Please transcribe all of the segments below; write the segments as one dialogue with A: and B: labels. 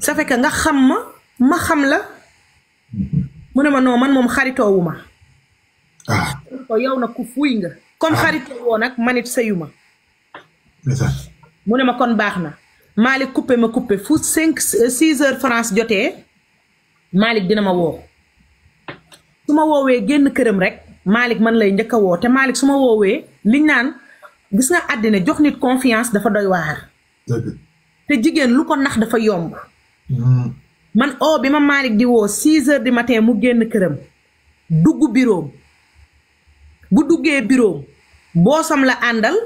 A: ça fait que nga xam ma ma xam la mu ne ma non man moom xaritoowu ma ah. ko yow na ku fuuy nga comme ah. xaritoo woo nag manit sëyu ma mu ne ma kon baax na Malick coupé ma coupé fu cinq six heures France jotee Malick dina ma woo su ma woowee génn këram rek Malick man lay njëkk woo te Malick su ma woowee liñ naan gis nga àddina jox nit confiance dafa doy waar te jigéen lu ko nax dafa yomb. man oo oh, bi ma Malick di woo six heures du matin mu génn këram dugg biroom bu duggee biroom boosam la àndal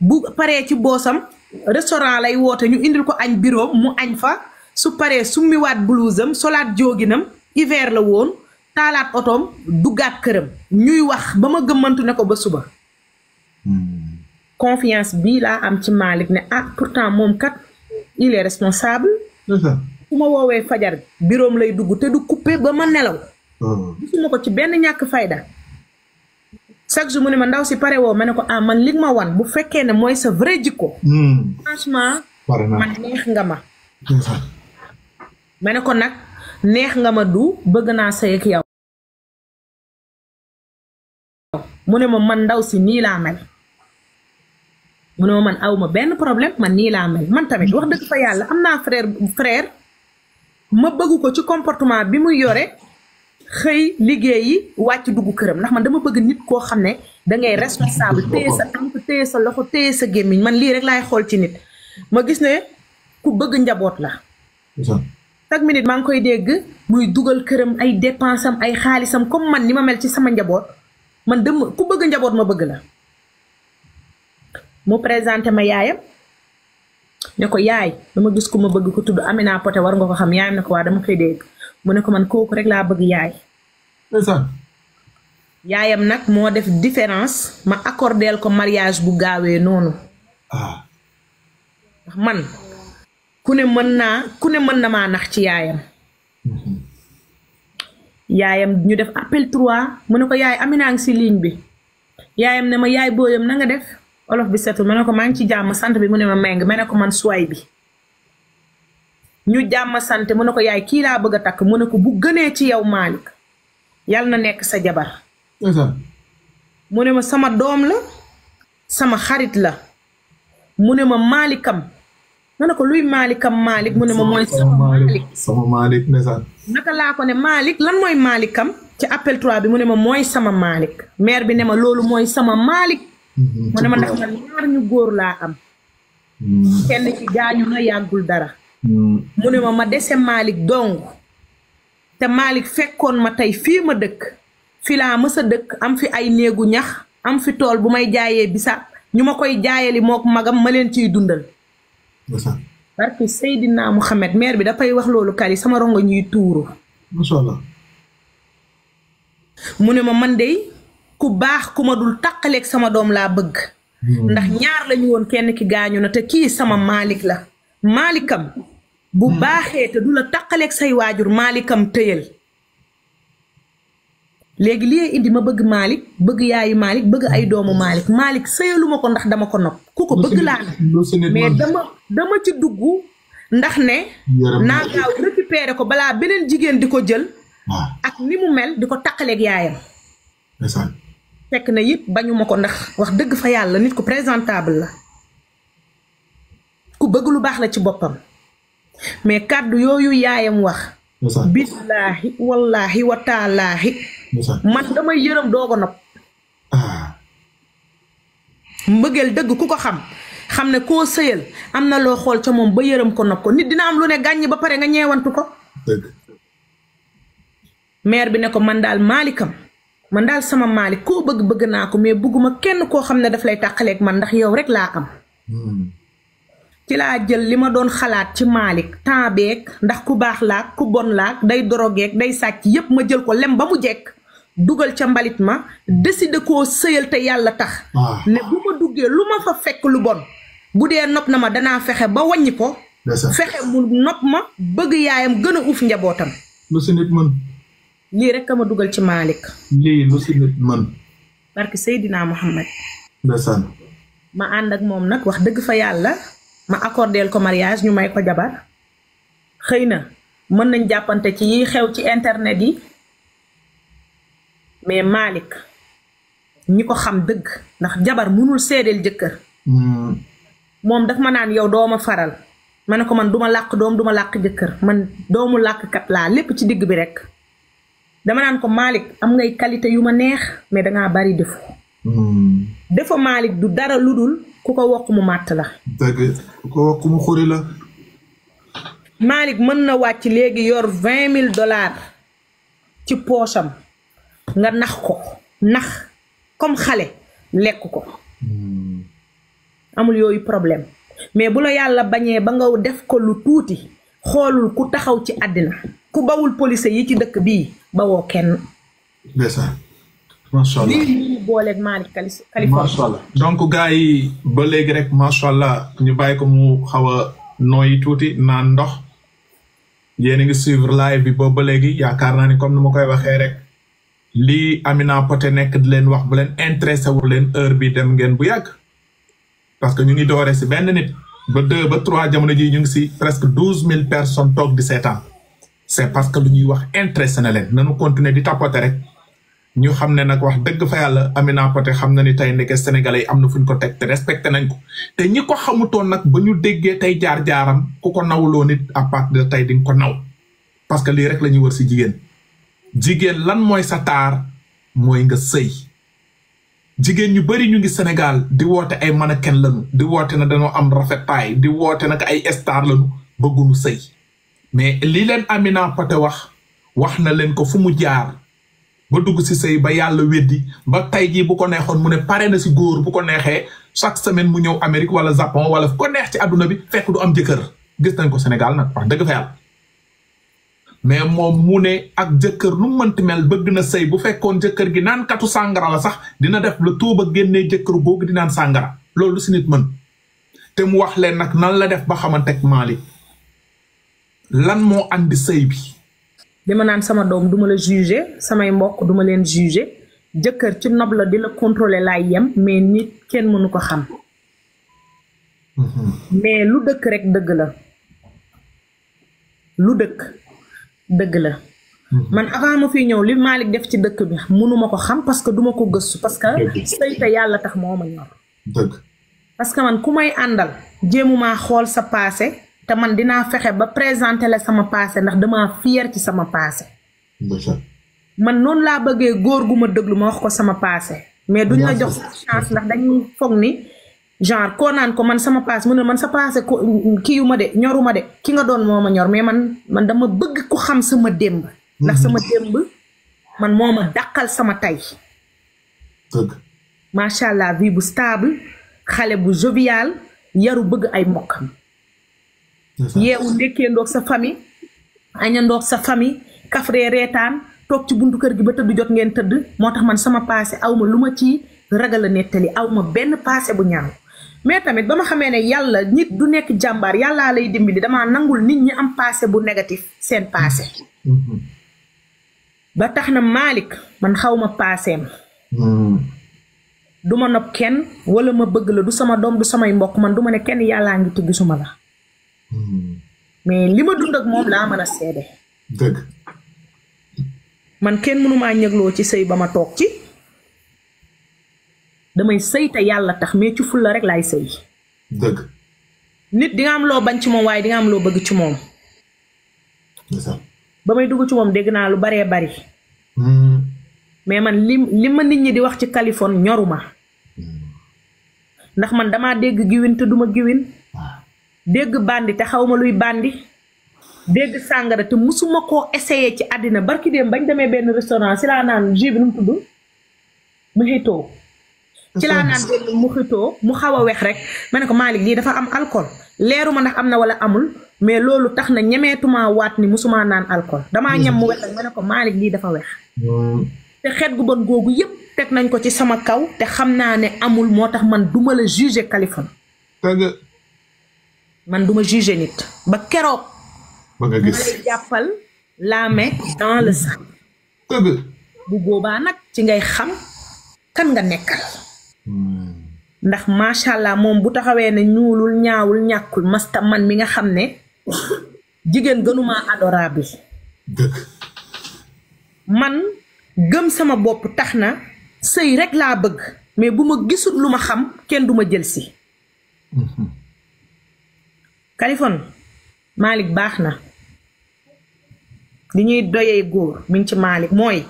A: bu paree ci boosam restaurant lay woote ñu indil ko añ biroom mu añ fa su paree summiwaat blousam solaat jóginam hiver la woon taalaat otoom duggaat këram ñuy wax ba ma gëmmantu ne ko ba suba hmm. confiance bi laa am ci Malick ne ah pourtant moom kat il est responsable. su ma woowee fajar biroom lay dugg te du coupé ba ma nelaw. Hmm. gisuma ko ci benn ñàkk fayda. chaque jour mu ne ma ndaw si pare woo ma ne ko ah man li ma wan bu fekkee ne mooy sa vrai jikko. Hmm. franchement. man neex nga ma. ma ne ko nag neex nga ma du bëgg naa sëy ak yow. mu ne ma man ndaw si nii laa mel. munoo man awma benn problème man nii laa mel man tamit wax dëgg fa yàlla am naa frère frère ma bëgg ko ci comportement bi muy yore xëy liggéeyi wàcc dugg këram ndax man dama bëgg nit koo xam ne da ngay responsable téye sa tànk téye sa loxo téye sa gémmiñ man lii rek laay xool ci nit ma gis ne ku bëgg njaboot la chaque minute maa ngi koy dégg muy dugal këram ay dépensam ay xaalisam comme man ni ma mel ci sama njaboot man dama ku bëgg njaboot ma bëgg la mu présenté ma yaayam ne ko yaay dama gis ku ma bëgg ko tudd Amina Poté war nga ko xam yaayam ne ko waa dama koy mu ne ko man kooku rek laa bëgg yaay. yaayam nag moo def différence ma accordeel ko mariage bu gaawee noonu. Ah. ndax man ku ne mën naa ku ne mën na maa nax ci yaayam. Mhm. yaayam ñu def appel trois mu ne ko yaay Amina ngi si ligne bi yaayam ne ma yaay booyam na nga def. olof bi setul ma ne ko maa ngi ci jàmm sant bi mu ne ma meng ma ne ko man suwaay bi ñu jàmm sante mu ne ko yaay kii laa bëgg a takk mu ne ko bu gënee ci yow Malick yal na nekk sa jabar mu ne ma sama doom la sama xarit la mu ne ma maalikam na ne ko luy maalikam maalik mu ne ma mooy sama maalik
B: sama maalik
A: ko ne maalik lan mooy maalikam ci appel bi mu ne ma mooy sama maalik maire bi ne ma loolu mooy sama maalik
B: Mm-hmm. mu ne ma ndax
A: man ñaar ñu góor laa am. Mm-hmm. kenn ci gaañu na yàggul dara. Mm-hmm. mu ne ma ma dese Malick dong te Malick fekkoon ma tey fii ma dëkk fii laa mës dëkk am fi ay néegu ñax am fi tool bu may jaayee bisaab ñu ma koy jaayali mook magam ma leen ciy dundal. parce que Seydina Mouhamed maire bi dafay wax loolu kali sama rongo ñuy tuuru. macha allah. mu ne ma man de ku baax ku ma dul taqaleeg sama doom laa bëgg hmm. ndax ñaar lañu woon kenn ki gaañu na te kii sama maalik la maalikam bu hmm. baaxee te du la say waajur maalikam tëyal léegi li indi ma bëgg maalik bëgg yaayu maalik bëgg ay doomu maalik maalik sëyaluma ko ndax dama ko nopp ku ko bëgg laa mais dama dama ci dugg ndax ne naa gaaw récupéré ko balaa beneen jigéen di ko jël ah. ak ni mu mel di ko taqaleeg yaayam fekk na yëpp bañuma ko ndax wax dëgg fa yàlla nit ko présentable la ku bëgg lu baax la ci boppam mais kàddu yooyu yaayam wax billaahi wallaahi wa man damay yërëm dooga nopp ah. mbëggeel dëgg ku ko xam xam ne koo sëyal am na loo xool ca moom ba yërëm ko nopp ko nit dina am lu ne gàññ ba pare nga ñeewantu ko maire bi ne ko man daal maalikam man ndaal sama maali koo bëgg bëgg naa ko mais bëgguma kenn koo xam ne daf lay tàqaleeg man ndax yow rek laa am. Hmm. ci laa jël li ma doon xalaat ci Malick temps beeg ndax ku baax laak ku bon laak day dorogeeg day sàcc yépp ma jël ko lem ba mu jekk dugal ca mbalit ma décider koo sëyal te yàlla tax ah. ne bu ma duggee lu ma fa fekk lu bon bu dee nopp na ma danaa fexe ba wàññi ko fexe mu nopp ma bëgg yaayam gën a uuf njabootam lii rek ka ma dugal ci Malick.
B: lii lu si nit man.
A: barke Seydina Mohamed. ma ànd moom nag wax dëgg fa yàlla ma accordeel ko mariage ñu may ko jabar xëy na mën nañ jàppante ci yiy xew ci internet yi mais Malick ñi ko xam dëgg ndax jabar mënul seedeel jëkkër hmm. moom daf ma naan yow dooma faral ma ne ko man duma làkk doom duma làkk jëkkër man doomu làkk kat laa lépp ci digg bi rek dama naan ko maalik am ngay qualité yu ma neex mais dangaa bari defu
B: hmm.
A: defa Malick du dara lu dul ku ko wokk mu màtt la
B: dëgg ku
A: mën na wàcc léegi yor vingt mille dollars ci poosam nga nax ko nax comme xale lekk ko hmm. amul yooyu problème mais bu la yàlla bañee ba nga def ko lu tuuti xolul ku taxaw ci adina ku bawul police yi ci dekk bi bawo kenn
B: ndeysaan macha allah
A: lii booleeg Malick allah
B: donc gars yi ba légui rek macha allah ñu bàyyi ko mu xawa noy tuti na ndox yene nga suivre live bi bo ba légui yaakaar naa ni comme ni koy waxé rek li Amina Poté nek di len wax bu len intéressé wu len heure bi dem ngeen bu yag parce que ñu ngi doore ci ben nit ba deux ba trois jamono ji ñu ngi si presque douze mille personne toog di seetaan c'est parce que lu ñuy wax intéressé na leen nanu continuer di tapoter rek ñu xam ne nag wax dëgg fa yàlla na Poté xam na ni tey ndeke sénégalais yi am na fu ñu ko teg te respecté nañ ko te ñi ko xamutoon nag ba ñu déggee tey jaar-jaaram ku ko nawloo it à partir de tey di nga ko naw parce que lii rek la ñuy wër si jigéen jigéen lan mooy sa taar mooy nga sëy jigéen ñu bari ñu ngi Sénégal di woote ay mannequin lañu di woote na dañoo am rafetaay di woote nag ay star ba bëgguñu sëy mais li leen Amina Poté wax wax na leen ko fu mu jaar ba dugg si sëy ba yàlla weddi ba tey jii bu ko neexoon mu ne pare na si góor bu ko neexee chaque semaine mu ñëw Amérique wala Japon wala fu ko neex ci àdduna bi fekk du am jëkkër gis nañ ko Sénégal nag wax dëgg fa yàlla mais moom mu ne ak jëkkër lu mu mënti mel bëgg na sëy bu fekkoon jëkkër gi naan katu sàngara la sax dina def le tout ba génnee jëkkër googu di naan sàngara loolu si nit mën te mu wax leen nag nan la def ba xamante ak Malick
A: lan moo andi sëy bi. dama naan sama doom duma la juger samay mbokk duma leen juger jëkkër ci nob la di la contrôler laay yem mais nit kenn mënu ko xam. Mhm. mais lu dëkk rek dëgg la lu dëkk. dëgg la. Mhm. man avant ma fi ñëw li maa Malick def ci dëkk bi mënuma ko xam parce que duma ko gëstu parce que. sëy yàlla tax moo ma ñor. dëgg. parce que man ku may àndal jéemumaa xool sa passé te man dinaa fexe ba présenté la sama paase ndax damaa fier ci sama passé. man noonu laa bëggee góor gu ma déglu ma wax ko sama passé. mais duñ la jox sa chance ndax dañuy foog ni. genre ko nan ko man sama paase mune man sa paase ki yuma de ñoruma de ki nga don moma ñor mais man man dama bëgg ku xam sama demb ndax sama mm-hmm. demb man moma dakal sama tay. dëgg. macha allah vie bu stable xalé bu jovial yaru bëgg ay mbokkam. yeewu ndekkee ndoog sa famille. aña ndoog sa famille kafree rétan tok ci buntu kër gi ba tëdd jot ngeen tëdd motax man sama passé awma luma ci ragal a awma ben passé bu ñaan mais tamit bama xamé né yalla nit du nek jambar yalla lay dimbali dama nangul nit ñi am passé bu négatif sen passé mm-hmm. ba taxna Malik man xawma passeem mm-hmm. duma nop kenn wala ma bëgg la du sama dom du samay mbokk man duma ne kenn yalla ngi tuggu suma la mm-hmm. mais lima dund ak mom la mëna sédé deug man kenn mënuma ñëglo ci sey bama ma ci damay sey te yalla tax mais ci la rek lay sey deug nit di nga am lo ban ci mom way di nga am lo bëgg ci mom ba may dugg ci mom dégg na lu baree bari hmm. mais man lim li ma nit ñi di wax ci Californie ñoruma ndax man dama deg giwin te duma giwin Deg bandi te xawma luy bandi deg sangara te musuma ko essayer ci adina barki dem bañ demee ben restaurant si laa naan jus bi mu hito ci laa naan mu xitoo mu xaw a wex rek ma ne ko Malick lii dafa am alcool leeru ma ndax am na wala amul mais loolu tax na ñemeetuma waat ni musuma naan alcool damaa ñam mu wex rek ma ne ko Malick lii dafa weex mm. te xet gu bon googu yëpp teg nañ ko ci sama kaw te xam naa ne amul moo tax man duma la juger Kaliphone man duma juger nit ba keroog ma nga gis lay jàppal nag ci ngay xam kan nga nekkal ndax macha allah moom bu taxawé né ñuulul ñaawul ñakul masta man mi nga xamné jigen gënuma adorable man gëm sama bop taxna sey rek la bëgg mais buma gisul luma xam kèn duma jël ci kalifon malik baxna na li ñuy doyé goor min ci malik Moy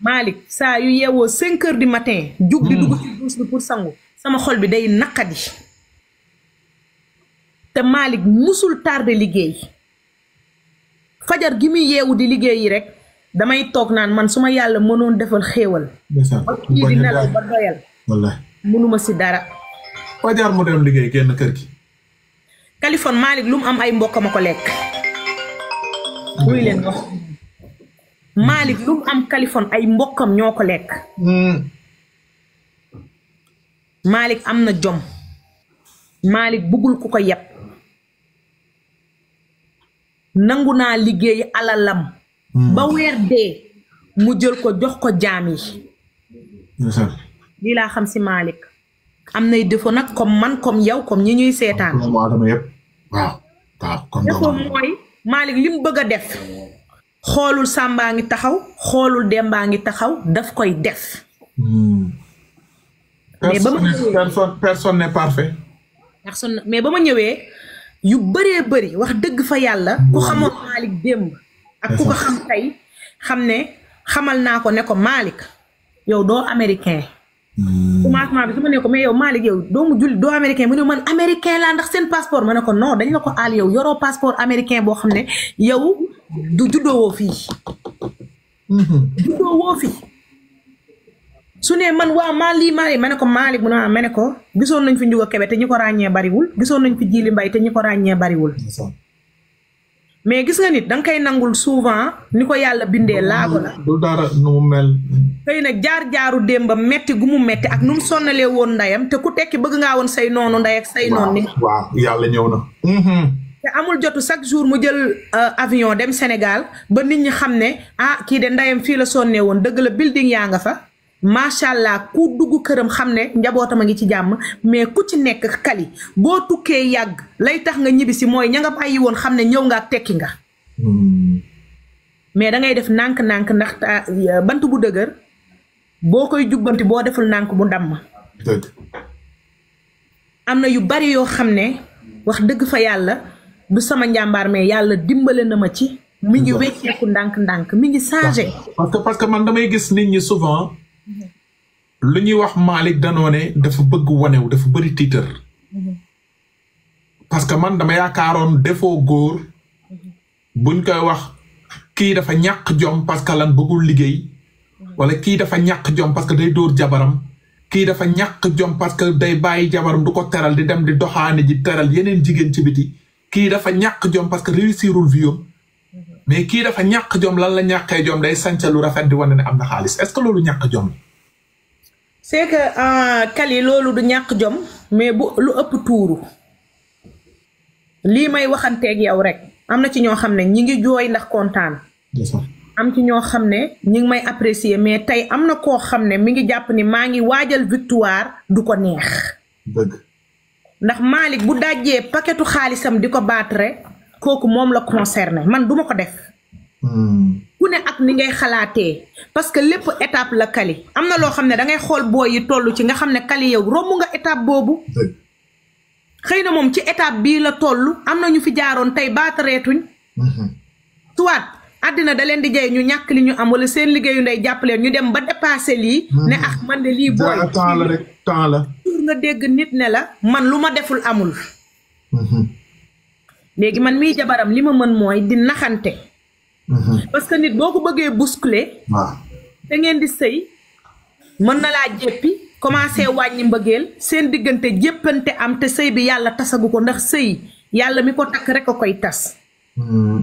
A: Malick saa yu yeewoo cinq du matin jug di dugg ci hmm. douche bi pour sangu sama xol bi day naqadi te Malick musul tàrde liggéey fajar gi muy yeewu di liggéey yi rek damay toog naan man su ma yàlla mënoon defal xéewal ba mënuma si dara
B: fajar mu dem liggéey génn kër gi
A: Kaliphone Malick lu mu am ay mbokkam a ko lekk buy leen wax Malick lu mu am Kaliphone ay mbokkam ñoo ko lekk. Hmm. Malick am na jom. Malick bëggul ku ko yeb. nangu naa liggéey alalam. Hmm. ba weer dee mu jël ko jox ko jaam yi. lii laa xam si Malick. am nay défaut nag comme man comme yow comme ñuy seetaan. waaw waaw. mooy Malick li mu def. xolul samba ngi taxaw xolul demba ngi taxaw daf koy def. personne n'est parfait. personne mais ba ma yu bëree bëri wax dëgg fa yàlla. ku xamoon Malick démb. ak ku ko xam tey xam xamal naa ko ne ko Malick yow doo américain. commencement bi su ne ko mais yow Malick yow doomu julli doo américain mu ne man américain laa ndax seen passeport ma ko non dañ la ko aal yow yoroo passeport américain boo xam yow. du juddoowoo fii mm-hmm. juddoowoo fii su ne man waa maa lii maa ma ne ko Malick mu ne ma ne ko gisoon nañ fi Ndiouga Kébé te ñu ko ràññee bariwul gisoon nañ fi Djily Mbaye te ñu ko ràññee bariwul mais gis nga nit danga koy nangul souvent ni ko yàlla bindee laago la du dara nu mel xëy na jaar-jaaru démba metti gu mu metti ak nu mu sonnalee woon ndeyam te ku tekki bëgg ngaa woon say noonu ndey say noon ni waaw
B: yàlla ñëw na
A: mm-hmm. te amul jotu chaque jour mu jël euh, avion dem Sénégal ba nit ñi xam ne ah kii de ndeyam fii la sonnee woon dëgg la building yaa nga fa macha allah ku dugg këram xam ne njabootam a ngi ci jàmm mais ku ci nekk kali boo tukkee yàgg lay tax nga ñibbi mooy ña nga woon xam ne ñëw nga tekki nga. mais da ngay def nànk-nànk ndax ah, euh, bant bu dëgër boo koy jubbanti boo deful nànk bu ndàmm. am na yu bari yoo xam ne wax dëgg fa yàlla. du sama njàmbaar mais yàlla dimbale na ma ci. mi ngi wécceeku ndànk-ndànk mi ngi changé.
B: parce que parce que man damay gis nit ñi souvent lu ñuy wax Malick Danoone dafa bëgg wanew dafa bëri tiitër. parce que man dama yaakaaroon defoo góor buñ koy wax kii dafa ñàkk jom parce que lan bëggul liggéey wala kii dafa ñàkk jom parce que day dóor jabaram kii dafa ñàkk jom parce que day bàyyi jabaram du ko teral di dem di doxaane ji teral yeneen jigéen ci biti kii dafa ñàkk jom parce que réussirul viom mais kii dafa ñàkk jom lan la ñàkkee jom day sanc lu rafet di wane ne am na
A: xaalis est-ce que loolu ñàkk jom c'est que euh, Kali loolu du ñàkk jom mais bu lu ëpp tuuru lii may waxanteeg yow rek am na ci ñoo xam ne ñi ngi jooy ndax kontaan am ci ñoo xam ne ñi ngi may apprécier mais tey am na koo xam ne mi ngi jàpp ni maa ngi waajal victoire du ko neex ndax maalik bu dàjjee paquetu xaalisam di ko baatre kooku moom la concerné man duma ko def hmm. ku ne ak ni ngay xalaatee parce que lépp étape la kali am na loo xam ne dangay xool boo yi toll ci nga xam ne kali yow romb nga étape boobu xëy na moom ci étape bii la toll am na ñu fi jaaroon tey baatareetuñ hmm. soit àddina da leen di jey ñu ñàkk li ñu am wala seen liggéeyu ndey leen ñu dem ba dépassé lii hmm. ne ak ah, man de lii booy temps rek temps la nga dégg nit ne la man lu ma deful amul mm-hmm. léegi man mi jabaram li ma mën mooy di naxante mm-hmm. parce que nit boo ko bëggee bousculer da ngeen di sëy mën na laa jéppi commencé wàññi mbëggeel seen diggante jéppante am te sëy bi yàlla tasagu ko ndax sëy yàlla mi ko takk rek a koy tas mm-hmm.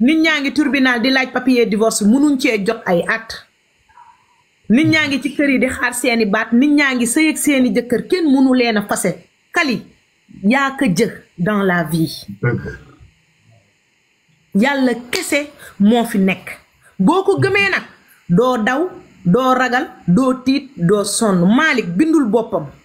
A: nit ñaa ngi tribunal di laaj papier divorce munuñ cee jot ay at nit ñaa ngi ci kër yi di xaar seeni baat nit ñaa ngi sëy ak seeni jëkkër kenn mënu leen a fase kali yaa ko jë dans la vie yàlla kese moo fi nekk boo ko gëmee nag doo daw doo ragal doo tiit doo sonn Malick bindul boppam